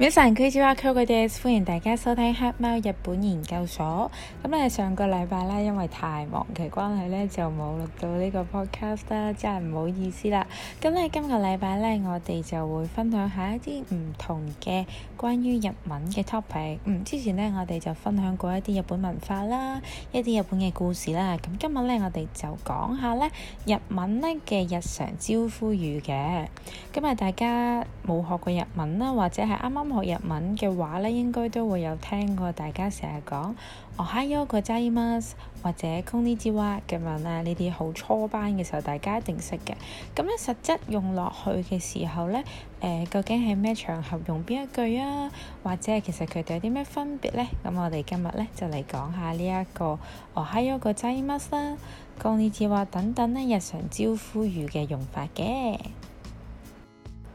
皆さんこんにちは，歡迎大家收聽黑貓日本研究所。咁咧上個禮拜咧，因為太忙嘅關係咧，就冇錄到呢個 podcast 啦，真係唔好意思啦。咁咧今個禮拜咧，我哋就會分享下一啲唔同嘅關於日文嘅 topic。嗯，之前咧我哋就分享過一啲日本文化啦，一啲日本嘅故事啦。咁今日咧我哋就講下咧日文咧嘅日常招呼語嘅。咁啊，大家冇學過日文啦，或者係啱啱。學日文嘅話咧，應該都會有聽過大家成日講，Ohayou gozaimasu，或者 konnichiwa 嘅文啊，呢啲好初班嘅時候，大家一定識嘅。咁咧，實質用落去嘅時候咧，誒、呃、究竟係咩場合用邊一句啊？或者其實佢哋有啲咩分別咧？咁我哋今日咧就嚟講下呢、這、一個 Ohayou gozaimasu 啦、konnichiwa 等等咧日常招呼語嘅用法嘅。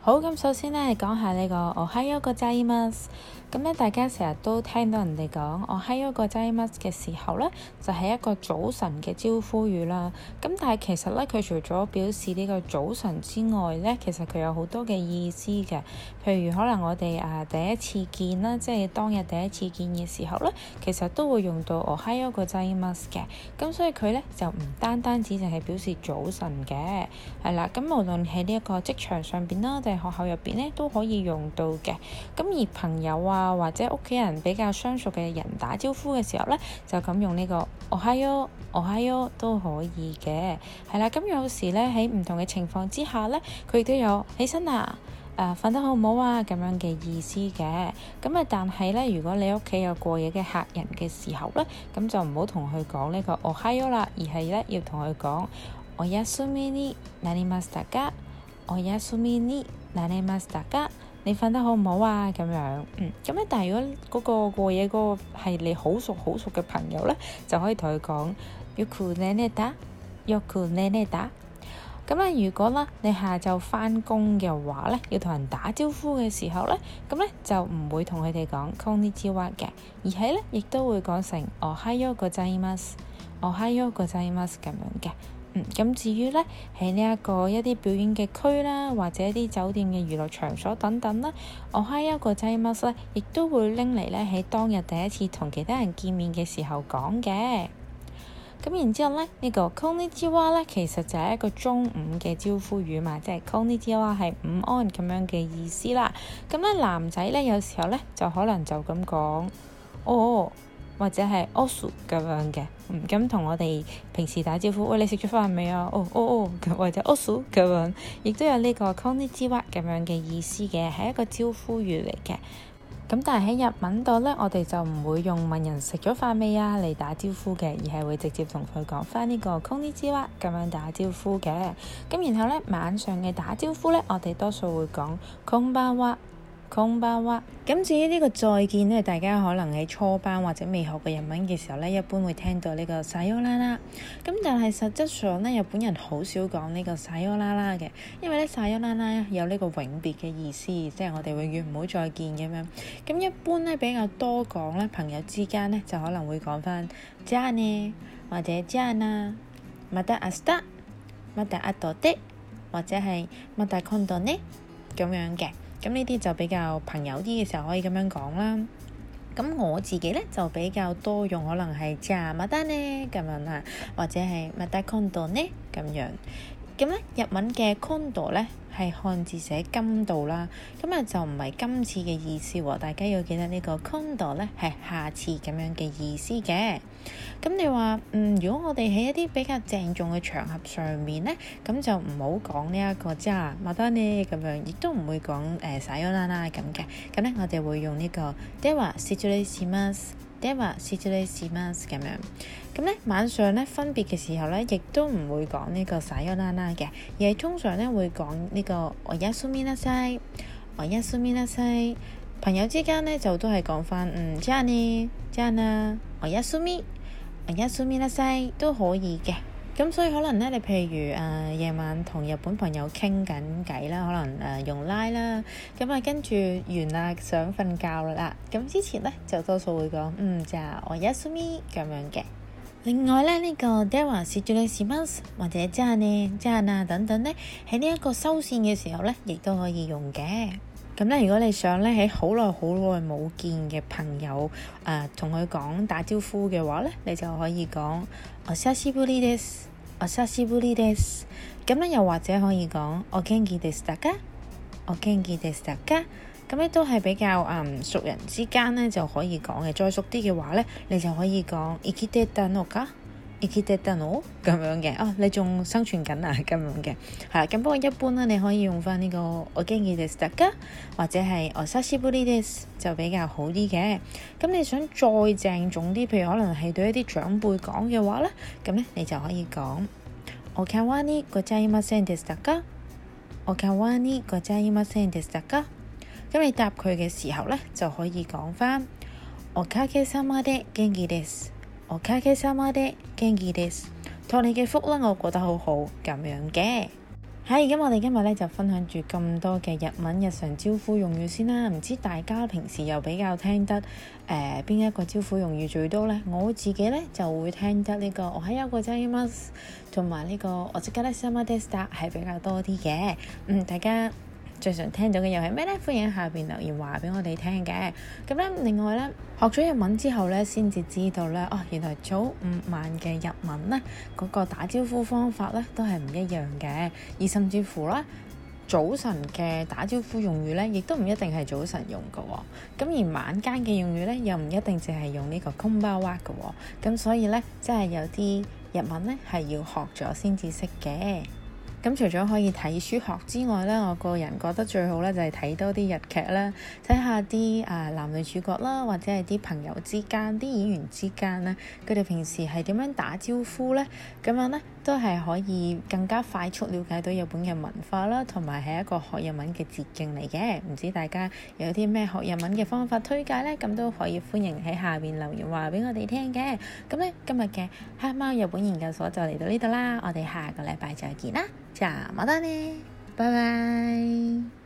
好，咁首先呢，講下呢、這個おはようございます。咁咧，大家成日都聽到人哋講，おはようございます嘅時候咧，就係、是、一個早晨嘅招呼語啦。咁但係其實咧，佢除咗表示呢個早晨之外咧，其實佢有好多嘅意思嘅。譬如可能我哋啊第一次見啦，即係當日第一次見嘅時候咧，其實都會用到おはようございます嘅。咁、oh、所以佢咧就唔單單只淨係表示早晨嘅，係啦。咁無論喺呢一個職場上邊啦，定係學校入邊咧，都可以用到嘅。咁而朋友啊～啊，或者屋企人比較相熟嘅人打招呼嘅時候呢，就咁用呢個 ohayo，ohayo 都可以嘅。係啦，咁有時呢，喺唔同嘅情況之下呢，佢亦都有起身啊，啊，瞓得好唔好啊咁樣嘅意思嘅。咁啊，但係呢，如果你屋企有過夜嘅客人嘅時候呢，咁就唔好同佢講呢個 ohayo 啦，而係呢，要同佢講 oyasumi ni narimashita ka，oyasumi ni narimashita ka。你瞓得好唔好啊？咁樣，嗯，咁咧，但係如果嗰個過夜嗰個係你好熟好熟嘅朋友咧，就可以同佢講，yo cool ne ne da，yo cool ne ne da。咁咧、嗯，如果咧你下晝返工嘅話咧，要同人打招呼嘅時候咧，咁、嗯、咧就唔會同佢哋講 konnichiwa 嘅，而係咧亦都會講成 ohayo gozaimasu，ohayo gozaimasu 咁樣嘅。咁至於呢，喺呢一個一啲表演嘅區啦，或者一啲酒店嘅娛樂場所等等啦，我喺一個擠 must 咧，亦都會拎嚟呢。喺 當日第一次同其他人見面嘅時候講嘅。咁然之後呢，這個、呢個こんにちは呢，其實就係一個中午嘅招呼語嘛，即係こんにちは係午安咁樣嘅意思啦。咁呢男仔呢，有時候呢，就可能就咁講，哦。或者係 osu 咁樣嘅，唔敢同我哋平時打招呼。喂，你食咗飯未啊？哦哦哦，或者 osu 咁樣，亦都有呢個 konnichiwa 咁樣嘅意思嘅，係一個招呼語嚟嘅。咁但係喺日文度咧，我哋就唔會用問人食咗飯未啊嚟打招呼嘅，而係會直接同佢講翻呢個 konnichiwa 咁樣打招呼嘅。咁然後咧，晚上嘅打招呼咧，我哋多數會講 konbanwa。こんばんは，咁至於呢個再見咧，大家可能喺初班或者未學過日文嘅時候咧，一般會聽到呢個「撒優啦啦」。咁但係實質上咧，日本人好少講呢個「撒優啦啦」嘅，因為呢「撒優啦啦」有呢個永別嘅意思，即係我哋永遠唔好再見咁樣。咁一般呢，比較多講呢，朋友之間呢，就可能會講翻じゃあね或者じゃあな、また明日、またあとで或者係また今度ね咁樣嘅。咁呢啲就比較朋友啲嘅時候可以咁樣講啦。咁我自己咧就比較多用，可能係じゃあまたね咁樣嚇，或者係また今度ね咁樣。咁咧日文嘅 condo 咧係漢字寫「金度」啦，咁啊就唔係今次嘅意思喎、哦。大家要記得個呢個 condo 咧係下次咁樣嘅意思嘅。咁你話嗯，如果我哋喺一啲比較鄭重嘅場合上面咧，咁就唔好講呢一個，即係またね咁樣，亦都唔會講誒さよなら咁嘅。咁、呃、咧我哋會用呢、這個，即係話では、失禮します。即係話，Saturday、Sunday 咁樣。咁呢，晚上呢，分別嘅時候呢，亦都唔會講呢個撒悠啦啦嘅，而係通常呢會講呢個我亞蘇咪啦西，我亞蘇咪啦西。朋友之間呢，就都係講翻嗯，Jana，Jana，阿亞蘇咪，我亞蘇咪啦西都可以嘅。咁所以可能咧，你譬如誒夜、呃、晚同日本朋友傾緊偈啦，可能誒、呃、用 LINE 啦，咁啊跟住完啦，想瞓覺啦，咁之前咧就多數會講嗯じゃあおやすみ咁樣嘅。另外咧呢、這個では失禮します或者じゃあね、じゃあな等等咧，喺呢一個收線嘅時候咧，亦都可以用嘅。咁咧，如果你想咧喺好耐好耐冇見嘅朋友，誒、呃，同佢講打招呼嘅話咧，你就可以講お久しぶりです。お久しぶりです。咁咧，又或者可以講お元気ですか？お元気ですか？咁咧都係比較誒、嗯、熟人之間咧就可以講嘅。再熟啲嘅話咧，你就可以講イキテタノカ。元気ですか咯，咁樣嘅哦，你仲生存緊啊，咁樣嘅係啦。咁不過一般咧，你可以用返呢個お元気ですか，或者係お久しぶりです就比較好啲嘅。咁你想再鄭重啲，譬如可能係對一啲長輩講嘅話咧，咁咧你就可以講お変わりございませんでしたか，お変わりございませんでしたか。咁你答佢嘅時候咧，就可以講返おかげさまで元気です。おかげさまで、元気です。託你嘅福啦，我過得好好咁樣嘅。喺而家我哋今日咧就分享住咁多嘅日文日常招呼用語先啦。唔知大家平時又比較聽得誒邊、呃、一個招呼用語最多咧？我自己咧就會聽得呢、這個おはようございます，同埋呢個おつかれさまでした係比較多啲嘅。嗯，大家。最常聽到嘅又係咩呢？歡迎下邊留言話俾我哋聽嘅。咁咧，另外呢，學咗日文之後呢，先至知道呢，哦，原來早午晚嘅日文呢，嗰、嗰個打招呼方法呢都係唔一樣嘅。而甚至乎啦，早晨嘅打招呼用語呢，亦都唔一定係早晨用嘅、哦。咁而晚間嘅用語呢，又唔一定淨係用呢個こんばんは嘅。咁所以呢，真係有啲日文呢，係要學咗先至識嘅。咁、嗯、除咗可以睇書學之外咧，我個人覺得最好咧就係、是、睇多啲日劇啦，睇下啲誒男女主角啦，或者係啲朋友之間、啲演員之間咧，佢哋平時係點樣打招呼咧？咁樣咧。都係可以更加快速了解到日本嘅文化啦，同埋係一個學日文嘅捷徑嚟嘅。唔知大家有啲咩學日文嘅方法推介呢？咁都可以歡迎喺下面留言話畀我哋聽嘅。咁呢，今日嘅黑貓日本研究所就嚟到呢度啦，我哋下個禮拜再見啦，得呢？拜拜。